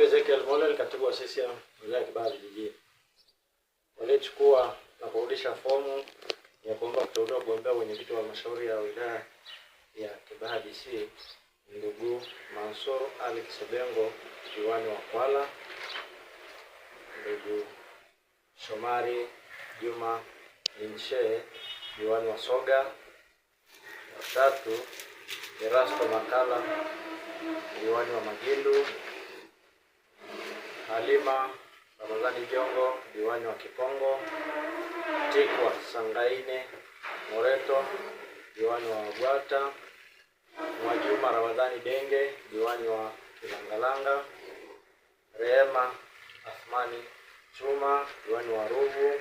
Naitwa Ezekiel Molel, katibu wa CCM wilaya ya Kibaha Vijijini. Walichukua na kurudisha fomu ya kuomba kuteuliwa kugombea viti wa halmashauri ya wilaya ya Kibaha DC ndugu Mansur Ali Kisebengo, diwani wa Kwala, ndugu Shomari Juma Linshee, diwani wa Soga, watatu Erasto Makala, diwani wa Magindu Halima Ramadhani Jongo, diwani wa kipongo Tikwa Sangaine Moreto, diwani wa Wagwata, Mwajuma Ramadhani Denge, diwani wa Kilangalanga, Rehema Athmani Chuma, diwani wa Ruvu,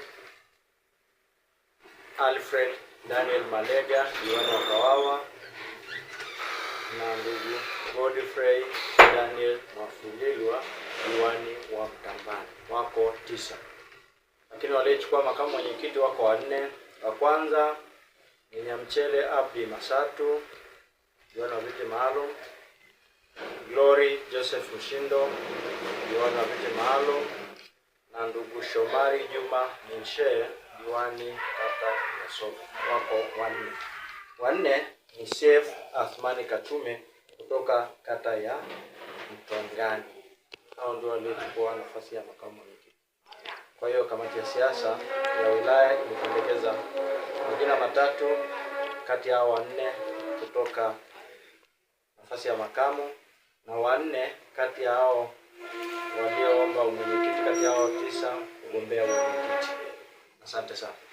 Alfred Daniel Malega, diwani wa Kawawa na ndugu Godfrey Daniel Mafuru. tisa, lakini waliochukua makamu mwenyekiti wako wanne. Wa kwanza ni Nyamchele Abdi Masatu, diwani wa viti maalum. Glory Joseph Mshindo, diwani wa viti maalum, na ndugu Shomari Juma Minshe, diwani kata ya Wako wanne. Wanne ni Seif Athmani Katume kutoka kata ya mtongani Hao ndio waliochukua nafasi ya makamu mwenyekiti. Kwa hiyo kamati ya siasa ya wilaya imependekeza majina matatu kati ya wanne kutoka nafasi ya makamu na wanne kati ya hao walioomba umwenyekiti, kati ya hao tisa kugombea umwenyekiti. Asante sana.